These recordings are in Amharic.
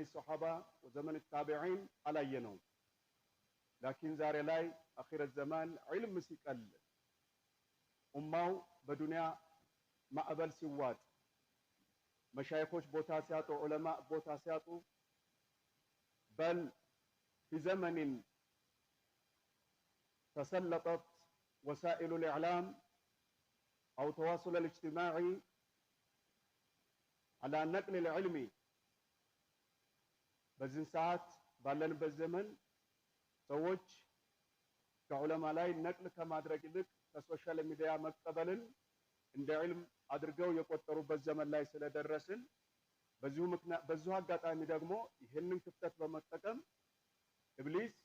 زمن الصحابة وزمن التابعين على ينوم لكن زاري لاي أخير الزمان علم سيكال أمه بدنيا ما أبل سواد مشايخوش بوتا سياتو علماء بوتا بل في زمن تسلطت وسائل الإعلام أو تواصل الاجتماعي على نقل العلمي በዚህን ሰዓት ባለንበት ዘመን ሰዎች ከዑለማ ላይ ነቅል ከማድረግ ይልቅ ከሶሻል ሚዲያ መቀበልን እንደ ዕልም አድርገው የቆጠሩበት ዘመን ላይ ስለደረስን በዚሁ ምክንያት በዚሁ አጋጣሚ ደግሞ ይህንን ክፍተት በመጠቀም ኢብሊስ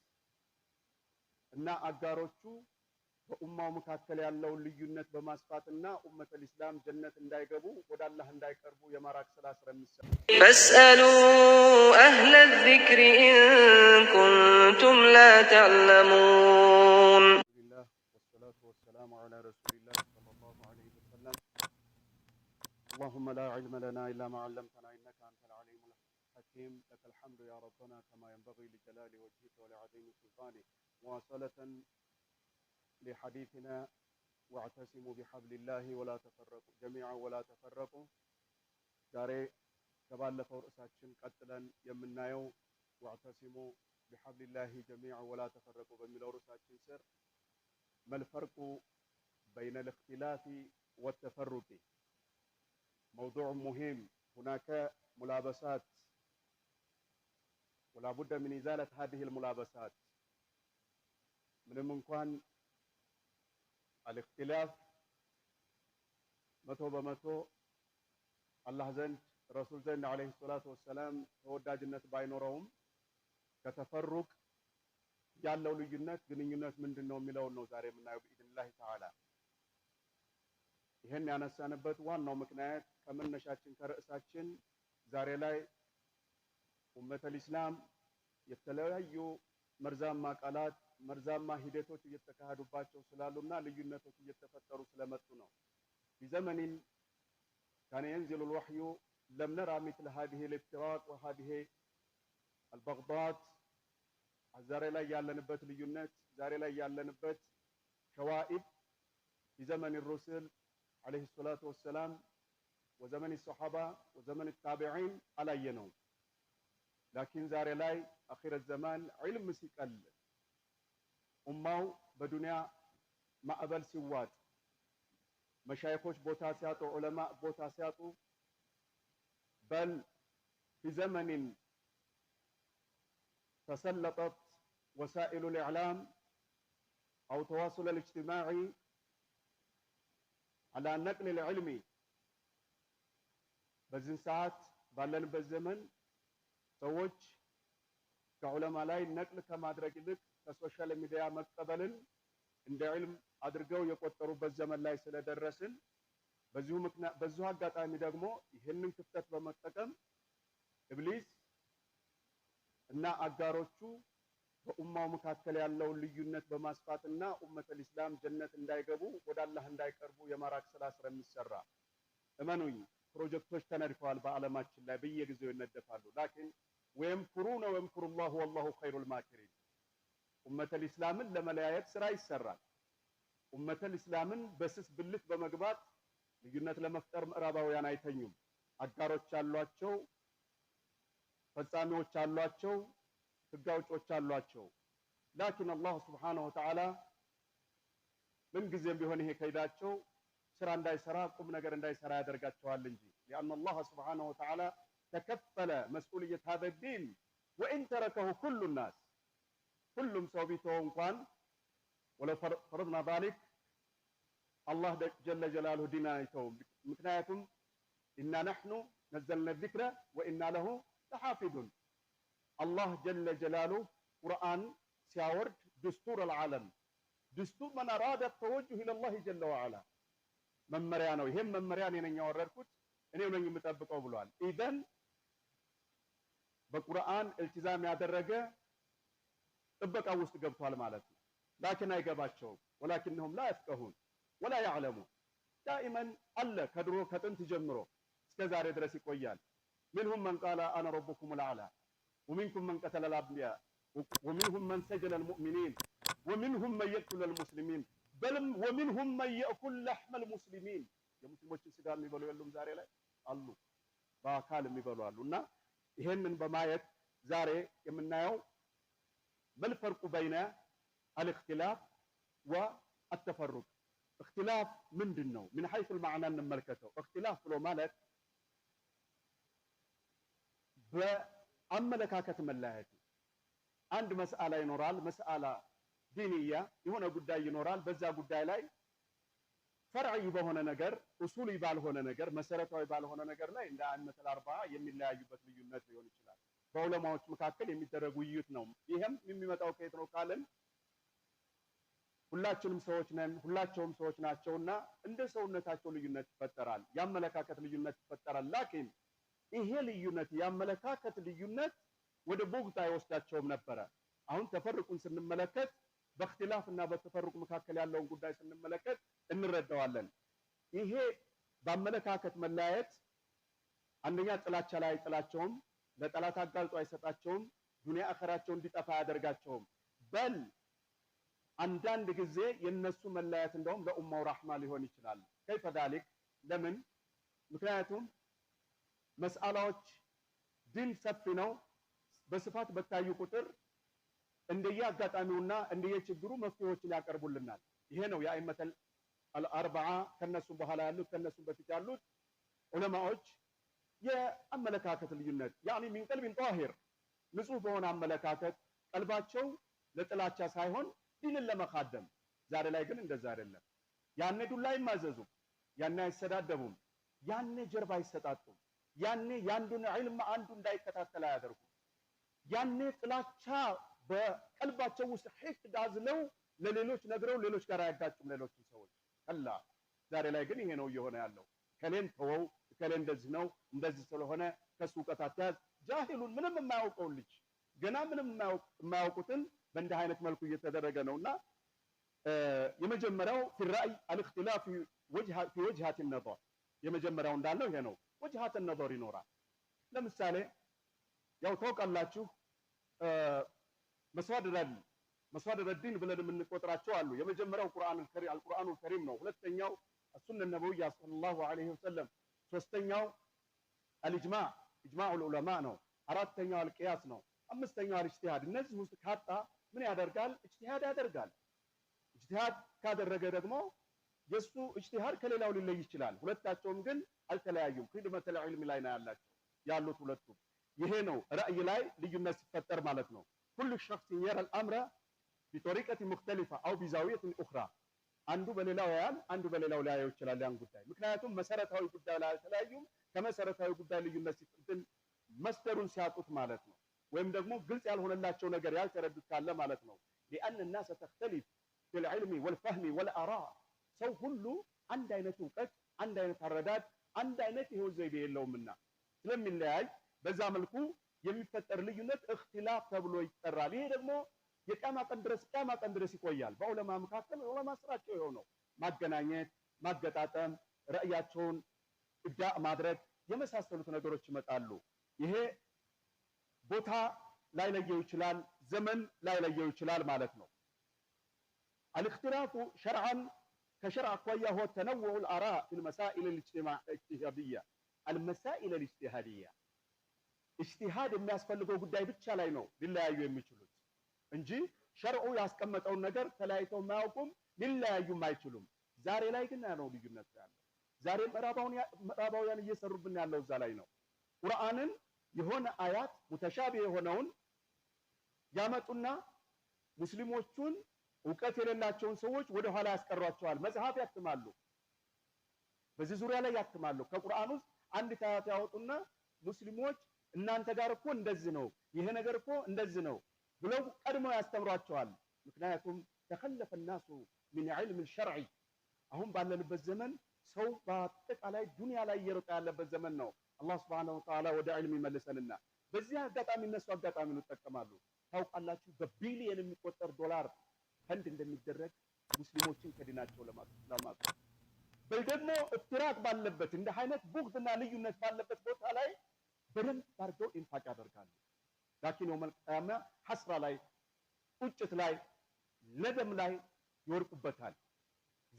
እና አጋሮቹ በኡማው መካከል ያለውን ልዩነት በማስፋትና ኡመተ ልስላም ጀነት እንዳይገቡ ወደ አላህ እንዳይቀርቡ የማራቅ ስላ ስለሚሰሩ ፈስአሉ አህለ ዚክሪ ኢን ኩንቱም ላ ተዕለሙን اللهم لا علم لنا الا ما علمتنا انك انت العليم الحكيم لك الحمد يا ربنا كما ينبغي لجلال وجهك ولعظيم سلطانك واصله لحديثنا واعتصموا بحبل الله ولا تفرقوا جميعا ولا ተፈረቁ ዛሬ ከባለፈው ርዕሳችን ቀጥለን የምናየው ዋዕተሲሙ ቢሐብሊላሂ ጀሚዐ ወላ ተፈረቁ በሚለው ርዕሳችን ስር መልፈርቁ በይነ ልእክትላፊ ወተፈሩቂ መውዱዕ ሙሂም ሁናከ ሙላበሳት ወላቡደ ምን ኢዛለት ሀዲህ ልሙላበሳት ምንም እንኳን አልእክትላፍ መቶ በመቶ አላህ ዘንድ ረሱል ዘንድ ዓለይሂ ሰላቱ ወሰላም ተወዳጅነት ባይኖረውም ከተፈሩቅ ያለው ልዩነት ግንኙነት ምንድን ነው የሚለውን ነው ዛሬ የምናየው ብኢድንላሂ ተዓላ። ይህን ያነሳንበት ዋናው ምክንያት ከመነሻችን ከርዕሳችን ዛሬ ላይ ኡመተል ኢስላም የተለያዩ መርዛማ ቃላት መርዛማ ሂደቶች እየተካሄዱባቸው ስላሉና ልዩነቶች እየተፈጠሩ ስለመጡ ነው። ቢዘመኒን ካነ የንዚሉ ልወሕዩ ለም ነራ ሚትል ሀዲሄ ልፍትራቅ ወሀዲሄ አልበግዳት ዛሬ ላይ ያለንበት ልዩነት ዛሬ ላይ ያለንበት ሸዋኢብ ቢዘመን ሩስል ዓለይሂ ሰላቱ ወሰላም ወዘመን ሰሓባ ወዘመን ታቢዒን አላየነውም። ላኪን ዛሬ ላይ አኺረት ዘማን ዒልም ሲቀል أمّاو بدنيا ما أبل سواد مشايخوش بوتاسياتو علماء بوتاسياتو بل في زمن تسلطت وسائل الإعلام أو تواصل الاجتماعي على النقل العلمي بزن ساعات بلن بالزمن توج كعلماء لاي نقل كما درق لك ከሶሻል ሚዲያ መቀበልን እንደ ዕልም አድርገው የቆጠሩበት ዘመን ላይ ስለደረስን በዚሁ ምክንያት በዚሁ አጋጣሚ ደግሞ ይህንን ክፍተት በመጠቀም ኢብሊስ እና አጋሮቹ በኡማው መካከል ያለውን ልዩነት በማስፋትና ኡመተል ኢስላም ጀነት እንዳይገቡ ወደ አላህ እንዳይቀርቡ የማራቅ ስራ ስለሚሰራ እመኑኝ፣ ፕሮጀክቶች ተነድፈዋል በዓለማችን ላይ በየጊዜው ይነደፋሉ። ላኪን ወየምኩሩነ ወየምኩሩላሁ ወላሁ ኸይሩል ማኪሪን ኡመተል ኢስላምን ለመለያየት ስራ ይሰራል። ኡመተል ኢስላምን በስስ ብልት በመግባት ልዩነት ለመፍጠር ምዕራባውያን አይተኙም። አጋሮች አሏቸው፣ ፈጻሚዎች አሏቸው፣ ህግ አውጮች አሏቸው። ላኪን አላህ ስብሓነሁ ወተዓላ ምንጊዜም ቢሆን ይሄ ከይዳቸው ስራ እንዳይሰራ ቁም ነገር እንዳይሰራ ያደርጋቸዋል እንጂ ሊአን አላህ ስብሓነሁ ወተዓላ ተከፈለ መስኡልየት ሀዘ ዲን ወኢን ተረከሁ ኩሉ ናስ ሁሉም ሰው ቢተው እንኳን ወለው ፈረድና ዛሊክ አላህ ጀለ ጀላሉሁ ዲን አይተውም። ምክንያቱም ኢና ነሕኑ ነዘልና ዚክረ ወኢና ለሁ ለሓፊዱን አላህ ጀለ ጀላሉሁ ቁርአን ሲያወርድ ድስቱር አልዓለም ድስቱር መን አራደ ተወጁህ ኢለላህ ጀለ ወዓላ መመሪያ ነው። ይሄም መመሪያ እኔ ነኝ ያወረድኩት እኔው ነኝ የምጠብቀው ብሏል። ኢዘን በቁርአን እልቲዛም ያደረገ ጥበቃ ውስጥ ገብቷል ማለት ነው። ላኪን አይገባቸውም። ወላኪነሁም ላ የፍቀሁን ወላ ያዕለሙን ዳኢመን አለ ከድሮ ከጥንት ጀምሮ እስከ ዛሬ ድረስ ይቆያል። ሚንሁም መን ቃለ አነ ረቡኩም ልአዕላ ወሚንኩም መን ቀተለ ልአንቢያ ወሚንሁም መን ሰጀነ ልሙእሚኒን ወሚንሁም መን የቅቱለ ልሙስሊሚን በልም ወሚንሁም መን የእኩል ለሕመ ልሙስሊሚን የሙስሊሞችን ስጋ የሚበሉ የሉም ዛሬ ላይ አሉ፣ በአካል የሚበሉ አሉ። እና ይሄንን በማየት ዛሬ የምናየው ما الفرق بين الاختلاف والتفرق اختلاف من دنو من حيث المعنى ان ملكته اختلاف لو مالك بأملكاكة ملاهتي عند مسألة ينورال مسألة دينية هنا قد ينورال بزا قد لاي فرعي بهنا نجر أصولي بالهنا نجر مسألة بالهنا نجر لا إن ده مثل أربعة يمين لا يبتل يونات ليونيش በዑለማዎች መካከል የሚደረግ ውይይት ነው። ይህም የሚመጣው ከየት ነው ካለን ሁላችንም ሰዎች ነን፣ ሁላቸውም ሰዎች ናቸውና እንደ ሰውነታቸው ልዩነት ይፈጠራል፣ የአመለካከት ልዩነት ይፈጠራል። ላኪን ይሄ ልዩነት የአመለካከት ልዩነት ወደ ቦግታ አይወስዳቸውም ነበረ። አሁን ተፈርቁን ስንመለከት በእክትላፍ እና በተፈርቁ መካከል ያለውን ጉዳይ ስንመለከት እንረዳዋለን። ይሄ በአመለካከት መለያየት አንደኛ ጥላቻ ላይ አይጥላቸውም። ለጠላት አጋልጦ አይሰጣቸውም። ዱንያ አኸራቸው እንዲጠፋ አያደርጋቸውም። በል አንዳንድ ጊዜ የነሱ መለያየት እንደውም ለኡማው ራህማ ሊሆን ይችላል። ከይፈ ዛሊክ ለምን? ምክንያቱም መስአላዎች ድን ሰፊ ነው። በስፋት በታዩ ቁጥር እንደየ አጋጣሚውና እንደየ ችግሩ መፍትሄዎችን ያቀርቡልናል። ይሄ ነው የአይመተል አርበዓ ከነሱም በኋላ ያሉት ከነሱም በፊት ያሉት ዑለማዎች የአመለካከት ልዩነት ያኒ ሚን ቀልቢን ጣሂር ንጹህ በሆነ አመለካከት ቀልባቸው ለጥላቻ ሳይሆን ዲንን ለመካደም። ዛሬ ላይ ግን እንደዛ አይደለም። ያኔ ዱላ አይማዘዙም፣ ያኔ አይሰዳደቡም፣ ያኔ ጀርባ አይሰጣጡም፣ ያኔ ያንዱን ዒልም አንዱ እንዳይከታተል አያደርጉም። ያኔ ጥላቻ በቀልባቸው ውስጥ ሒቅድ አዝለው ለሌሎች ነግረው ሌሎች ጋር አያጋጩም ሌሎችን ሰዎች። ከላ ዛሬ ላይ ግን ይሄ ነው እየሆነ ያለው። ከሌን ተወው እከሌ እንደዚህ ነው እንደዚህ ስለሆነ ከሱ እውቀት አትያዝ። ጃሂሉን ምንም የማያውቀውን ልጅ ገና ምንም የማያውቁትን በእንዲህ አይነት መልኩ እየተደረገ ነውና የመጀመሪያው ፊ ራእይ አልእክትላፍ ፊ ወጅሃት ነበር። የመጀመሪያው እንዳለው ይሄ ነው። ወጅሃት ነበር ይኖራል። ለምሳሌ ያው ታውቃላችሁ መስዋድረል መስዋድረዲን ብለን የምንቆጥራቸው አሉ። የመጀመሪያው አልቁርአኑ ከሪም ነው። ሁለተኛው ሱነ ነብዩ ሰለላሁ ዐለይሂ ወሰለም ሶስተኛው አልእጅማ ኢጅማዑል ዑለማ ነው። አራተኛው አልቅያስ ነው። አምስተኛው አልእጅቲሃድ። እነዚህ ውስጥ ካጣ ምን ያደርጋል? እጅቲሃድ ያደርጋል። እጅቲሃድ ካደረገ ደግሞ የሱ እጅቲሃድ ከሌላው ሊለይ ይችላል። ሁለታቸውም ግን አልተለያዩም። ኺድመተል ዒልም ላይ ነው ያላቸው ያሉት ሁለቱም። ይሄ ነው ራእይ ላይ ልዩነት ሲፈጠር ማለት ነው። ኩሉ ሸክሲን የራ አልአምረ ቢጦሪቀቲ ሙክተሊፋ አው ቢዛዊየትን ኡኽራ አንዱ በሌላው ያያል፣ አንዱ በሌላው ሊያየው ይችላል ያን ጉዳይ። ምክንያቱም መሰረታዊ ጉዳይ ላይ አልተለያዩም። ከመሰረታዊ ጉዳይ ልዩነት ሲጥል መስደሩን ሲያጡት ማለት ነው። ወይም ደግሞ ግልጽ ያልሆነላቸው ነገር ያልተረዱት ካለ ማለት ነው። ሊአን الناس تختلف في العلم والفهم ሰው ሁሉ አንድ አይነት እውቀት፣ አንድ አይነት አረዳድ፣ አንድ አይነት የህይወት ዘይቤ የለውምና ስለሚለያይ በዛ መልኩ የሚፈጠር ልዩነት እክትላፍ ተብሎ ይጠራል። ይሄ ደግሞ የቂያማ ቀን ድረስ ቂያማ ቀን ድረስ ይቆያል። በዑለማ መካከል ዑለማ ስራቸው ይኸው ማገናኘት፣ ማገጣጠም፣ ረእያቸውን እዳእ ማድረግ የመሳሰሉት ነገሮች ይመጣሉ። ይሄ ቦታ ላይለየው ይችላል፣ ዘመን ላይለየው ይችላል ማለት ነው። አልእክትላፉ ሸርዐን ከሸርዕ አኳያ ሆ ተነውዑል አራእ ፊል መሳኢል አልመሳኢል ልእጅቲሃድያ እጅቲሃድ የሚያስፈልገው ጉዳይ ብቻ ላይ ነው ሊለያዩ የሚችሉ እንጂ ሸርዑ ያስቀመጠውን ነገር ተለያይተው ማያውቁም ሊለያዩም አይችሉም። ዛሬ ላይ ግን ያለው ልዩነት ያለው። ዛሬ ምዕራባውያን እየሰሩብን ያለው እዛ ላይ ነው። ቁርአንን የሆነ አያት ሙተሻቢ የሆነውን ያመጡና ሙስሊሞቹን እውቀት የሌላቸውን ሰዎች ወደ ኋላ ያስቀሯቸዋል። መጽሐፍ ያትማሉ፣ በዚህ ዙሪያ ላይ ያትማሉ። ከቁርአን ውስጥ አንድ ታያት ያወጡና ሙስሊሞች እናንተ ጋር እኮ እንደዚህ ነው፣ ይሄ ነገር እኮ እንደዚህ ነው ብለው ቀድሞ ያስተምሯቸዋል። ምክንያቱም ተከለፈ ናሱ ሚን ዕልም ሸርዒ አሁን ባለንበት ዘመን ሰው በአጠቃላይ ዱንያ ላይ እየሮጠ ያለበት ዘመን ነው። አላህ ስብሐነሁ ወተዓላ ወደ ዕልም ይመልሰንና በዚህ አጋጣሚ እነሱ አጋጣሚ ነው ይጠቀማሉ። ታውቃላችሁ በቢሊየን የሚቆጠር ዶላር ፈንድ እንደሚደረግ ሙስሊሞችን ከዲናቸው ለማጥፋት በል ደግሞ እፍትራት ባለበት እንደ አይነት ቡግድና ልዩነት ባለበት ቦታ ላይ በደንብ አድርገው ኢንፋቅ ያደርጋሉ። ላኪን የውመል ቂያማ ሐስራ ላይ ቁጭት ላይ ነደም ላይ ይወርቁበታል።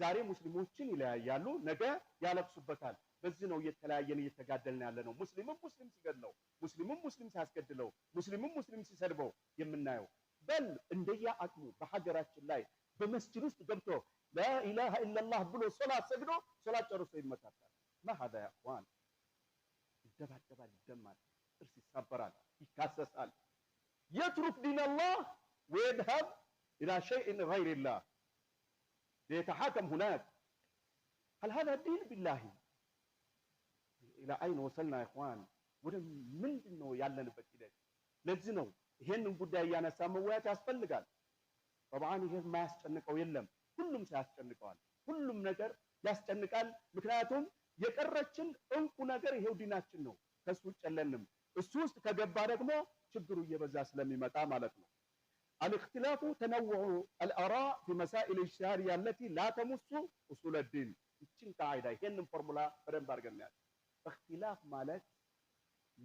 ዛሬ ሙስሊሞችን ይለያያሉ፣ ነገ ያለቅሱበታል። በዚህ ነው እየተለያየን እየተጋደልን ያለ ነው። ሙስሊምም ሙስሊም ሲገድለው፣ ሙስሊምም ሙስሊም ሲያስገድለው፣ ሙስሊምም ሙስሊም ሲሰድበው የምናየው በል እንደየ አቅሙ በሀገራችን ላይ በመስጅድ ውስጥ ገብቶ ላኢላሃ ኢለላህ ብሎ ሶላት ሰግዶ ሶላት ጨርሶ ይመታታል። ማሀዳ ያዋን ይደባደባል፣ ይደማል፣ ጥርስ ይሳበራል። ይካሰሳል። የትሩክ ዲነላህ ወየድሀብ ኢላ ሸይእን ገይሪላህ ሊየተሓከም ሁናክ ሀል ሀዛ ዲን ቢላሂ ኢላ አይን ወሰልና ኢኽዋን ወደ ምንድን ነው ያለንበት ሂደት? ለዚህ ነው ይሄንን ጉዳይ እያነሳ መወያየት ያስፈልጋል። ጠብዓን ይሄ የማያስጨንቀው የለም፣ ሁሉም ሰው ያስጨንቀዋል። ሁሉም ነገር ያስጨንቃል። ምክንያቱም የቀረችን እንቁ ነገር ይሄው ዲናችን ነው። ከሱ ውጭ የለንም። እሱ ውስጥ ከገባ ደግሞ ችግሩ እየበዛ ስለሚመጣ ማለት ነው። አልእክትላፉ ተነውዑ አልአራ ፊ መሳኢል ኢጅቲሃድያ አለቲ ኡሱለ ዲን። ይችን ቃዒዳ ይሄንን ፎርሙላ በደንብ አድርገን ያለ እክትላፍ ማለት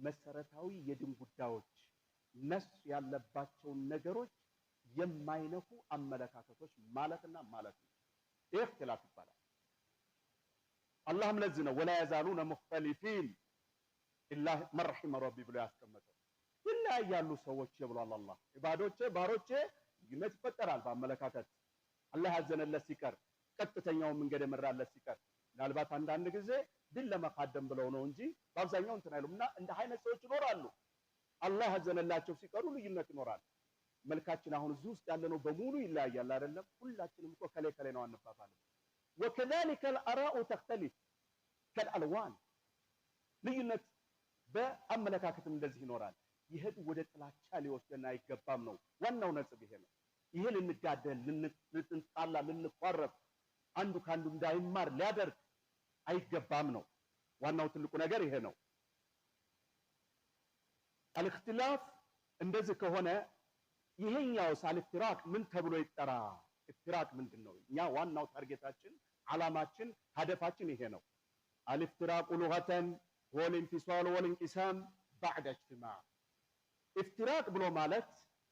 መሰረታዊ የድን ጉዳዮች ነሱ ያለባቸውን ነገሮች የማይነኩ አመለካከቶች ማለትና ማለት ነው። ይህ እክትላፍ ይባላል። አላህም ለዚህ ነው ወላ የዛሉነ ሙክተሊፊን ኢላ መርሒመ ረቢ ብሎ ያስቀመጠው ይለያያሉ ሰዎች ብሏል። አላህ ኢባዶቼ ባሮቼ ልዩነት ይፈጠራል በአመለካከት አላህ ያዘነለት ሲቀር ቀጥተኛውን መንገድ የመራለት ሲቀር ምናልባት አንዳንድ ጊዜ ድል ለመካደም ብለው ነው እንጂ በአብዛኛው እንትን አይሉም። እና እንደ አይነት ሰዎች ይኖራሉ። አላህ ያዘነላቸው ሲቀሩ ልዩነት ይኖራል። መልካችን አሁን እዚህ ውስጥ ያለነው በሙሉ ይለያያል አይደለም። ሁላችንም እኮ ከሌ ከሌ ነው አንባባልም። ወከዛሊከ አልአራኡ ተክተሊፍ ከልአልዋን ልዩነት በአመለካከትም እንደዚህ ይኖራል። ይህን ወደ ጥላቻ ሊወስደን አይገባም ነው ዋናው ነጥብ ይሄ ነው። ይህ ልንጋደል፣ ልንጣላ፣ ልንኳረፍ አንዱ ከአንዱ እንዳይማር ሊያደርግ አይገባም ነው ዋናው ትልቁ ነገር ይሄ ነው። አልእክትላፍ እንደዚህ ከሆነ ይሄኛውስ አልፍትራቅ ምን ተብሎ ይጠራ? እፍትራቅ ምንድን ነው? እኛ ዋናው ታርጌታችን፣ ዓላማችን፣ ሀደፋችን ይሄ ነው። አልፍትራቁ ሉገተን ወልንፊሷል ወልንቂሳም ባዕደ እጅትማዕ ኢፍትራቅ ብሎ ማለት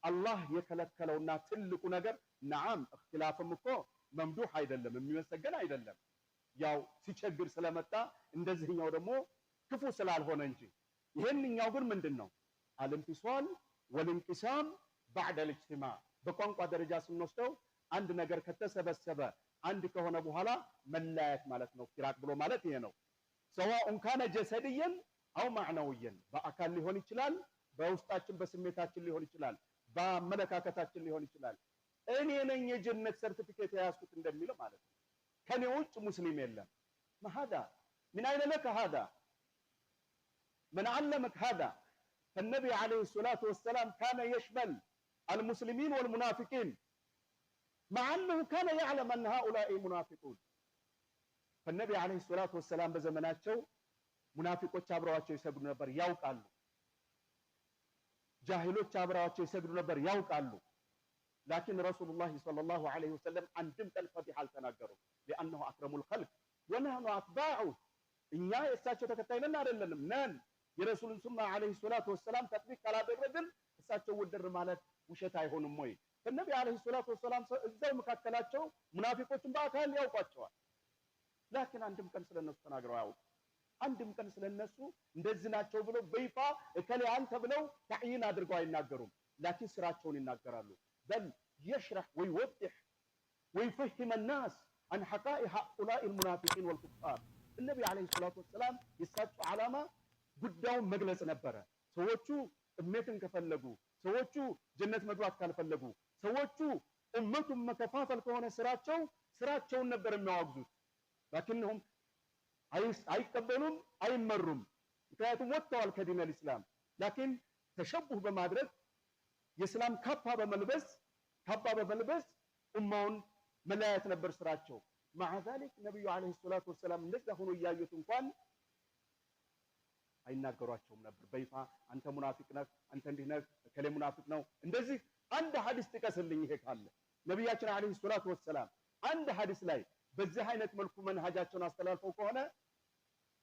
አላህ የከለከለውና ትልቁ ነገር ነዓም፣ እክትላፍም እኮ መምዱህ አይደለም የሚመሰገን አይደለም። ያው ሲቸግር ስለመጣ እንደዚህኛው ደግሞ ክፉ ስላልሆነ እንጂ ይሄንኛው ግን ምንድን ነው አልንፊሷል ወልንቂሳም ባዕደ ልጅትማዕ። በቋንቋ ደረጃ ስንወስደው አንድ ነገር ከተሰበሰበ አንድ ከሆነ በኋላ መለያየት ማለት ነው። ኢፍትራቅ ብሎ ማለት ይሄ ነው። ሰዋኡን ካነ ጀሰድየን አው ማዕናውየን በአካል ሊሆን ይችላል፣ በውስጣችን በስሜታችን ሊሆን ይችላል፣ በአመለካከታችን ሊሆን ይችላል። እኔ ነኝ የጀነት ሰርቲፊኬት የያዝኩት እንደሚለው ማለት ነው። ከኔ ውጭ ሙስሊም የለም። መሃዳ ምን አይነ ለከ ሃዳ ምን ዓለመክ ሃዳ ከነቢ ዓለይሂ ሰላቱ ወሰላም ካነ የሽመል አልሙስሊሚን ወልሙናፊቂን መዓ አነሁ ካነ የዕለም አን ሃኡላኢ ሙናፊቁን ከነቢ አለይሂ ሰላቱ ወሰላም በዘመናቸው ሙናፊቆች አብረዋቸው ይሰግዱ ነበር፣ ያውቃሉ። ጃሂሎች አብረዋቸው ይሰግዱ ነበር፣ ያውቃሉ። ላኪን ረሱሉላህ ሰለላሁ ዐለይሂ ወሰለም አንድም ቀን ፈቲሐ አልተናገሩም። ሊአነሁ አክረሙል ኸልቅ ወነህኑ አትባዑ እኛ የእሳቸው ተከታይ ነን አይደለንም ነን። የረሱሉን ሱና ዐለይሂ ሰላቱ ወሰላም ተጥቢቅ ካላደረግን እሳቸው ወደር ማለት ውሸት አይሆንም ወይ? ከነቢ ዐለይሂ ሰላቱ ወሰላም እዛው መካከላቸው ሙናፊቆችን በአካል ያውቋቸዋል። ላኪን አንድም ቀን ስለነሱ ተናግረው አያውቁም። አንድም ቀን ስለነሱ እንደዚህ ናቸው ብለው በይፋ እከሌ አንተ ብለው ተዕይን አድርገው አይናገሩም። ላኪን ስራቸውን ይናገራሉ። በል የሽረሕ ወይ ወጢሕ ወይ ፈሂመ ናስ አን ሐቃኢ ሃኡላኢ ልሙናፊቂን ወልኩፋር። እነቢ ዓለይሂ ሰላቱ ወሰላም የሳቸው ዓላማ ጉዳዩን መግለጽ ነበረ። ሰዎቹ እሜትን ከፈለጉ፣ ሰዎቹ ጀነት መግባት ካልፈለጉ፣ ሰዎቹ እመቱን መከፋፈል ከሆነ ስራቸው ስራቸውን ነበር የሚያዋግዙት። ላኪንሁም አይቀበሉም፣ አይመሩም። ምክንያቱም ወጥተዋል ከዲን አልእስላም። ላኪን ተሸቡህ በማድረግ የእስላም ካባ በመልበስ ካባ በመልበስ ኡማውን መለያየት ነበር ስራቸው። ማዓ ዛሊክ ነቢዩ ዓለይሂ ሰላቱ ወሰላም እንደዛ ሆኖ እያዩት እንኳን አይናገሯቸውም ነበር በይፋ አንተ ሙናፊቅ ነህ፣ አንተ እንዲህ ነህ፣ እከሌ ሙናፊቅ ነው። እንደዚህ አንድ ሀዲስ ጥቀስልኝ ይሄ ካለ ነቢያችን ዓለይሂ ሰላቱ ወሰላም አንድ ሀዲስ ላይ በዚህ አይነት መልኩ መንሃጃቸውን አስተላልፈው ከሆነ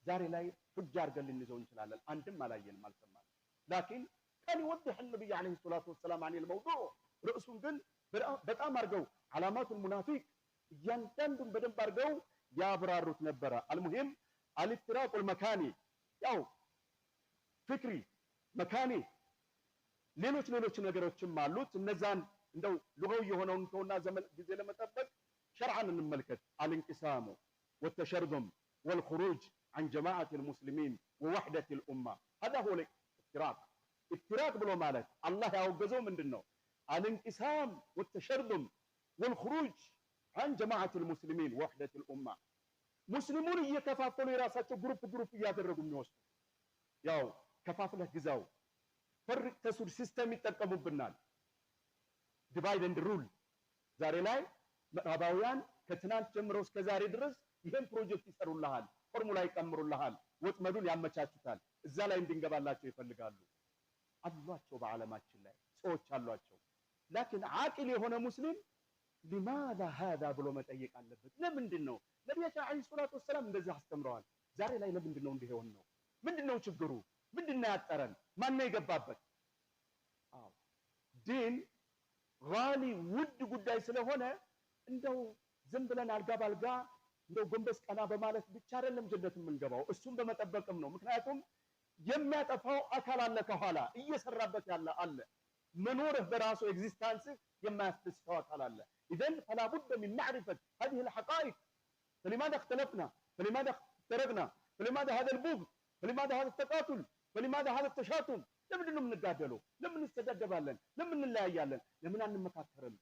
ዛሬ ላይ ሁጃ አድርገን ልንይዘው እንችላለን። አንድም አላየንም፣ አልሰማንም። ላኪን ቀን ይወድሕ ነብዩ ዓለይሂ ሰላቱ ወሰላም አኒል መውዱዕ ርዕሱን ግን በጣም አድርገው ዓላማቱን ሙናፊቅ እያንዳንዱን በደንብ አድርገው ያብራሩት ነበረ። አልሙሂም አልፍትራቁል መካኒ ያው ፍክሪ መካኒ ሌሎች ሌሎች ነገሮችም አሉት። እነዛን እንደው ልገው የሆነውን ተውና ዘመን ጊዜ ለመጠበቅ ሸርዓን እንመልከት። አልንቅሳሙ ወተሸርዱም ወልኹሩጅ አን ጀማዓት ልሙስሊሚን ወወሕደት ልኡማ ሀዛ ሁ ኢፍቲራቅ። ኢፍቲራቅ ብሎ ማለት አላህ ያወገዘው ምንድን ነው? አልንቅሳም ወተሸርዱም ወልኹሩጅ አን ጀማዓት ልሙስሊሚን ወወሕደት ልኡማ ሙስሊሙን እየከፋፈሉ የራሳቸው ግሩፕ ግሩፕ እያደረጉ የሚወስዱ ያው ከፋፍለህ ግዛው ፈርቅ ተሱድ ሲስተም ይጠቀሙብናል። ዲቫይድ ኤንድ ሩል ዛሬ ላይ ምዕራባውያን ከትናንት ጀምሮ እስከ ዛሬ ድረስ ይህን ፕሮጀክት ይሰሩልሃል፣ ፎርሙላ ይቀምሩልሃል፣ ወጥመዱን ያመቻቹታል። እዛ ላይ እንድንገባላቸው ይፈልጋሉ። አሏቸው፣ በዓለማችን ላይ ሰዎች አሏቸው። ላኪን አቂል የሆነ ሙስሊም ሊማዛ ሃዛ ብሎ መጠየቅ አለበት። ለምንድን ነው ነቢያችን ዓለይሂ ሰላቱ ወሰላም እንደዚህ አስተምረዋል። ዛሬ ላይ ለምንድን ነው እንዲህ የሆን ምንድን ነው ችግሩ? ምንድን ነው ያጠረን? ማን የገባበት? አዎ ዲን ጋሊ ውድ ጉዳይ ስለሆነ እንደው ዝም ብለን አልጋ ባልጋ እንደው ጎንበስ ቀና በማለት ብቻ አይደለም ጀነት የምንገባው፣ እሱም በመጠበቅም ነው። ምክንያቱም የሚያጠፋው አካል አለ፣ ከኋላ እየሰራበት ያለ አለ። መኖርህ በራሱ ኤግዚስታንስህ የማያስደስተው አካል አለ። ኢዘን ፈላ ቡደ ሚን ማዕሪፈት ሀዚህ ልሐቃኢቅ ፈሊማዳ እክተለፍና ፈሊማዳ ተረግና ፈሊማዳ ሀዘ ልቡግዝ ፈሊማዳ ሀዘ ተቃቱል ፈሊማዳ ሀዘ ተሻቱም ለምንድን ነው የምንጋደለው? ለምን እንስተዳደባለን? ለምን እንለያያለን? ለምን አንመካከርም?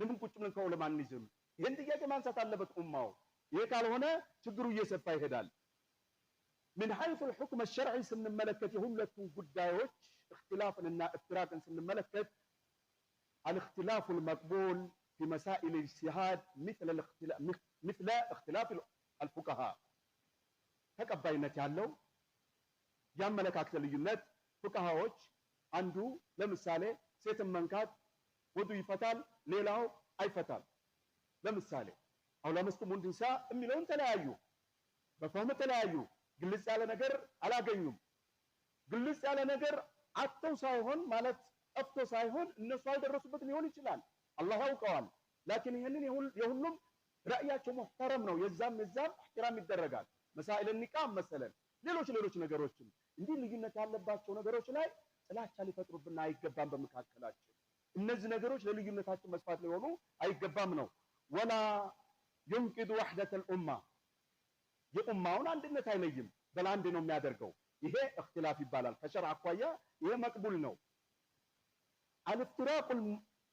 ለምን ቁጭ ብለን ከዑለማንይዝም? ይህን ጥያቄ ማንሳት አለበት ኡማው። ይሄ ካልሆነ ችግሩ እየሰፋ ይሄዳል። ምን ሐይሱል ሑክም ሸርዒ ስንመለከት የሁለቱ ጉዳዮች እክትላፍንና እፍትራቅን ስንመለከት አልእክትላፉል መቅቡል ፊ መሳኢል ኢጅቲሃድ ሚስለ እክትላፍ አልፉቀሃ ተቀባይነት ያለው ያመለካከት ልዩነት ፉቀሃዎች አንዱ ለምሳሌ ሴትን መንካት ወዱ ይፈታል ሌላው አይፈታም። ለምሳሌ አውላ ለመስኩም እንዲሳ የሚለውን ተለያዩ፣ በፈህም ተለያዩ። ግልጽ ያለ ነገር አላገኙም። ግልጽ ያለ ነገር አጥተው ሳይሆን ማለት ጠፍቶ ሳይሆን እነሱ አልደረሱበት ሊሆን ይችላል። አላህ ያውቀዋል። ላኪን ይህንን የሁሉም ራእያቸው መህተረም ነው። የዛም የዛም እሕትራም ይደረጋል። መሳኢል ኒቃም መሰለን ሌሎች ሌሎች ነገሮችም እንዲህ ልዩነት ያለባቸው ነገሮች ላይ ጥላቻ ሊፈጥሩብን አይገባም በመካከላቸው እነዚህ ነገሮች ለልዩነታችን መስፋት ሊሆኑ አይገባም ነው። ወላ ዩንቂዱ ወሕደተል ኡማ የኡማውን አንድነት አይለይም፣ በላንድ ነው የሚያደርገው። ይሄ እክትላፍ ይባላል። ከሸርዕ አኳያ ይሄ መቅቡል ነው። አልፍትራቁ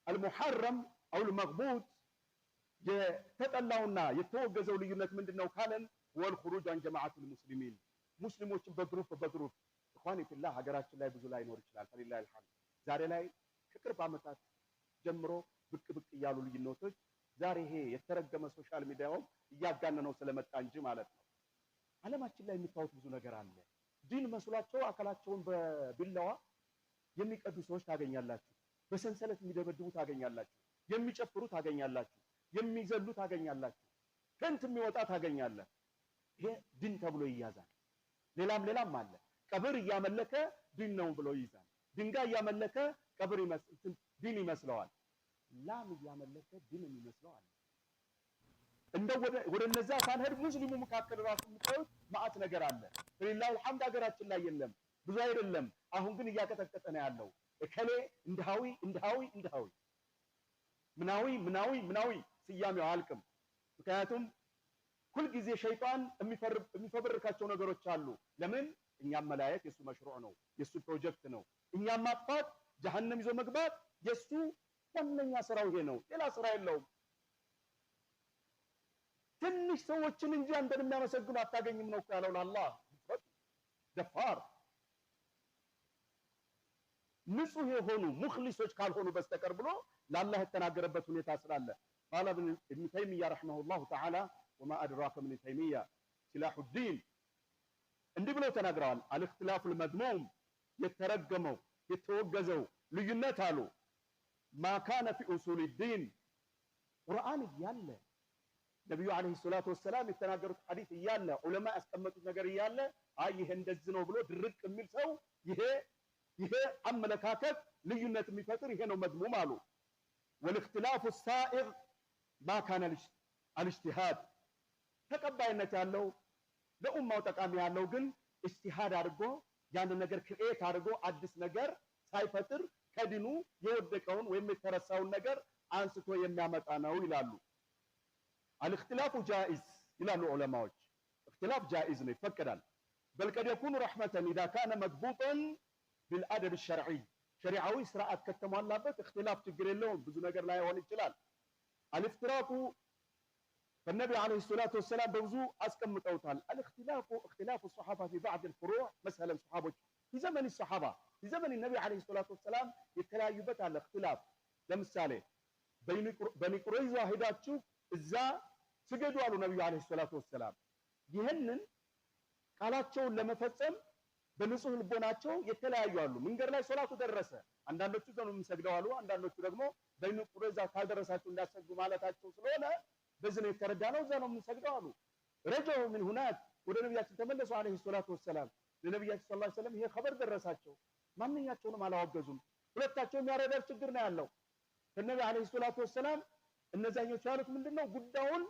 አልሙሐረም አው ልመቅቡት የተጠላውና የተወገዘው ልዩነት ምንድን ነው ካለን፣ ወል ኹሩጅ አን ጀማዓት ልሙስሊሚን ሙስሊሞችን በግሩፕ በግሩፕ እኳን የትላ ሀገራችን ላይ ብዙ ላይኖር ይችላል። ፈሊላሂል ሐምድ ዛሬ ላይ ከቅርብ ዓመታት ጀምሮ ብቅ ብቅ እያሉ ልዩነቶች ዛሬ ይሄ የተረገመ ሶሻል ሚዲያውም እያጋነነው ስለመጣ እንጂ ማለት ነው። ዓለማችን ላይ የሚታወት ብዙ ነገር አለ። ዲን መስሏቸው አካላቸውን በቢላዋ የሚቀዱ ሰዎች ታገኛላችሁ። በሰንሰለት የሚደበድቡ ታገኛላችሁ። የሚጨፍሩ ታገኛላችሁ። የሚዘሉ ታገኛላችሁ። ከንት የሚወጣ ታገኛለህ። ይሄ ዲን ተብሎ ይያዛል። ሌላም ሌላም አለ። ቀብር እያመለከ ዲን ነው ብሎ ይይዛል። ድንጋይ እያመለከ ቀብር ድን ይመስለዋል። ላም እያመለከ ድን የሚመስለው አለ። እንደው ወደ እነዛ ሳንሄድ ሙስሊሙ መካከል ራሱ የምታዩት ማአት ነገር አለ። ለሌላው አልሐምድ ሀገራችን ላይ የለም ብዙ አይደለም። አሁን ግን እያቀጠቀጠ ነው ያለው። እከሌ እንድሃዊ እንደሃዊ እንደሃዊ ምናዊ ምናዊ ምናዊ ስያሜው አልቅም። ምክንያቱም ሁልጊዜ ሸይጣን የሚፈበርካቸው ነገሮች አሉ። ለምን እኛም መለያየት የሱ መሽሩዕ ነው የሱ ፕሮጀክት ነው። እኛም ማጥፋት ጀሃነም ይዞ መግባት የሱ ዋነኛ ስራው ይሄ ነው። ሌላ ስራ የለውም። ትንሽ ሰዎችን እንጂ አንተን የሚያመሰግኑ አታገኝም ነው ያለው ለአላህ ደፋር ንጹህ የሆኑ ሙክሊሶች ካልሆኑ በስተቀር ብሎ ለአላህ የተናገረበት ሁኔታ ስላለ ቃለ ኢብኑ ተይሚያ ረሒመሁላሁ ተዓላ ወማ አድራከ ምን ተይሚያ ሲላሑዲን እንዲህ ብለው ተናግረዋል። አልእክትላፉል ልመድሙም የተረገመው የተወገዘው ልዩነት አሉ ማካነ ፊ ኡሱል ዲን ቁርአን እያለ ነቢዩ ዓለይሂ ሰላቱ ወሰላም የተናገሩት ሐዲስ እያለ ዑለማ ያስቀመጡት ነገር እያለ አይ ይሄ እንደዚህ ነው ብሎ ድርቅ የሚል ሰው ይሄ ይሄ አመለካከት ልዩነት የሚፈጥር ይሄ ነው መዝሙም አሉ። ወልእክትላፉ ሳኢር ማካነ አልእጅቲሃድ ተቀባይነት ያለው ለኡማው ጠቃሚ ያለው ግን እጅቲሃድ አድርጎ ያንን ነገር ክሬት አድርጎ አዲስ ነገር ሳይፈጥር ከድኑ የወደቀውን ወይም የተረሳውን ነገር አንስቶ የሚያመጣ ነው ይላሉ። አልእክትላፉ ጃኢዝ ይላሉ ዑለማዎች። እክትላፍ ጃኢዝ ነው፣ ይፈቀዳል። በልቀድ የኩኑ ረሕመተን ኢዛ ካነ መድቡጠን ቢልአደብ ሸርዒ ሸሪዓዊ ስርዓት ከተሟላበት እክትላፍ ችግር የለውም። ብዙ ነገር ላይሆን ይችላል። አልእፍትራቁ فالنبي عليه الصلاة والسلام በብዙ አስቀምጠውታል። الاختلاف اختلاف الصحابة في بعض الفروع مثلا صحابዎች في زمن الصحابة في زمن النبي عليه الصلاة والسلام የተለያዩበት አለ اختلاف ለምሳሌ በኒ ቁረይዛ ሄዳችሁ እዛ ስገዱ አሉ ነቢዩ ዓለይሂ ሰላቱ ወሰላም። ይህንን ቃላቸውን ለመፈጸም በንጹህ ልቦናቸው የተለያዩ አሉ። መንገድ ላይ ሶላቱ ደረሰ። አንዳንዶቹ ዘኑ የምንሰግደው አሉ፣ አንዳንዶቹ ደግሞ በኒ ቁረይዛ ካልደረሳችሁ እንዳሰግዱ ማለታቸው ስለሆነ በዚህ ነው የተረዳነው፣ እዛ ነው የምንሰግደው አሉ። ረጀዑ ሚን ሁናክ ወደ ነቢያችን ተመለሱ አለይሂ ሰላቱ ወሰላም። ለነቢያችን ሰለላሁ ዐለይሂ ወሰለም ይሄ ኸበር ደረሳቸው። ማንኛቸውንም አላወገዙም። ሁለታቸውም ያረዳር ችግር ነው ያለው። ከነቢ አለይሂ ሰላቱ ወሰላም እነዛኞቹ ያሉት ምንድነው ጉዳዩን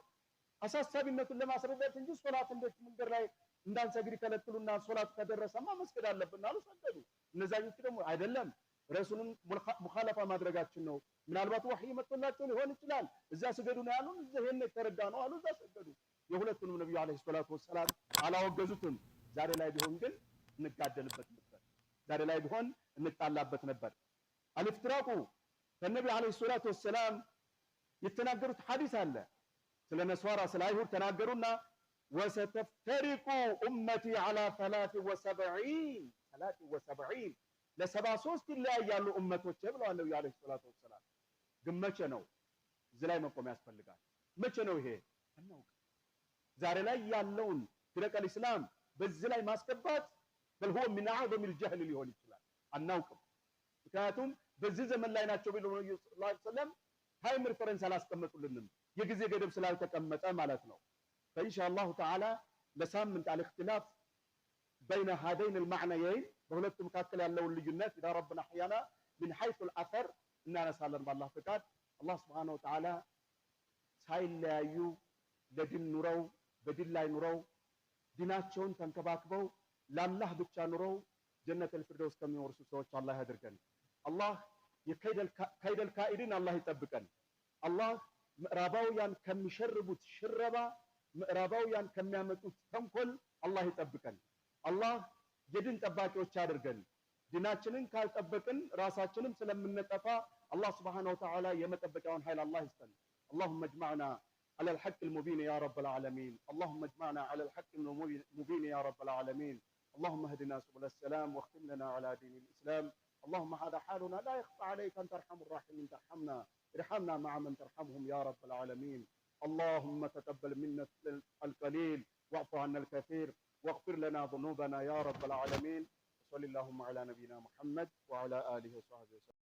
አሳሳቢነቱን ለማስረዳት እንጂ ሶላት እንዴት መንገድ ላይ እንዳንሰግድ ከለክሉና ሶላት ከደረሰማ መስገድ አለብን አሉ፣ ሰገዱ። እነዛኞቹ ደግሞ አይደለም ረሱልን ሙኻለፋ ማድረጋችን ነው። ምናልባት ወህይ መጥቶላቸው ሊሆን ይችላል። እዛ ስገዱ ነው ያሉን፣ እዛ ይሄን የተረዳ ነው አሉ፣ እዛ ሰገዱ። የሁለቱንም ነብዩ አለይሂ ሰላቱ ወሰላም አላወገዙትም። ዛሬ ላይ ቢሆን ግን እንጋደልበት ነበር። ዛሬ ላይ ቢሆን እንጣላበት ነበር። አልፍትራቁ ከነቢ አለይሂ ሰላቱ ወሰላም የተናገሩት ሐዲስ አለ። ስለ ነስዋራ ስለ አይሁድ ተናገሩና ወሰተፍተሪቁ ኡመቲ ዐላ ሰላሲን ወሰብዒን ለሰባ ሶስት ይለያያሉ እመቶቼ ብለዋል ነብዩ አለይሂ ሰላቱ ወሰላም። ግን መቼ ነው እዚህ ላይ መቆም ያስፈልጋል። መቼ ነው ይሄ እናውቅ። ዛሬ ላይ ያለውን ድረቀል ኢስላም በዚህ ላይ ማስገባት በል ሁወ ሚን አዕዘም ልጀህል ሊሆን ይችላል አናውቅም። ምክንያቱም በዚህ ዘመን ላይ ናቸው ቢሉ ነብዩ ሰለላሁ ዐለይሂ ወሰለም ታይም ሪፈረንስ አላስቀመጡልንም የጊዜ ገደብ ስላልተቀመጠ ማለት ነው። ፈኢንሻ አላሁ ተዓላ ለሳምንት አልእክትላፍ በይነ ሀደይን አልማዕናየይን በሁለቱ መካከል ያለውን ልዩነት ኢዳ ረብና አሕያና ምን ሐይሱል አሰር እናነሳለን በአላህ ፍቃድ። አላህ ስብሓነሁ ወተዓላ ሳይለያዩ ለድን ኑረው በድን ላይ ኑረው ዲናቸውን ተንከባክበው ለአላህ ብቻ ኑረው ጀነተል ፊርደውስ ከሚወርሱ ሰዎች አላህ ያድርገን። አላህ የከይደል ካኢድን አላህ ይጠብቀን። አላህ ምዕራባውያን ከሚሸርቡት ሽረባ ምዕራባውያን ከሚያመጡት ተንኮል አላህ ይጠብቀን። አላህ تباك የድን ጠባቂዎች አድርገን ድናችንን ካልጠበቅን ራሳችንም ስለምንጠፋ አላህ ስብሓነሁ ወተዓላ عن حيل الله ይስጠን። اللهم اجمعنا على الحق المبين يا رب العالمين اللهم اجمعنا على الحق المبين يا رب العالمين اللهم اهدنا سبل السلام واختم لنا على دين الإسلام اللهم هذا حالنا لا يخفى عليك أن ترحم الراحمين ترحمنا ارحمنا مع من ترحمهم يا رب العالمين اللهم تقبل منا القليل واعف عنا الكثير واغفر لنا ذنوبنا يا رب العالمين صلى اللهم على نبينا محمد وعلى آله وصحبه وسلم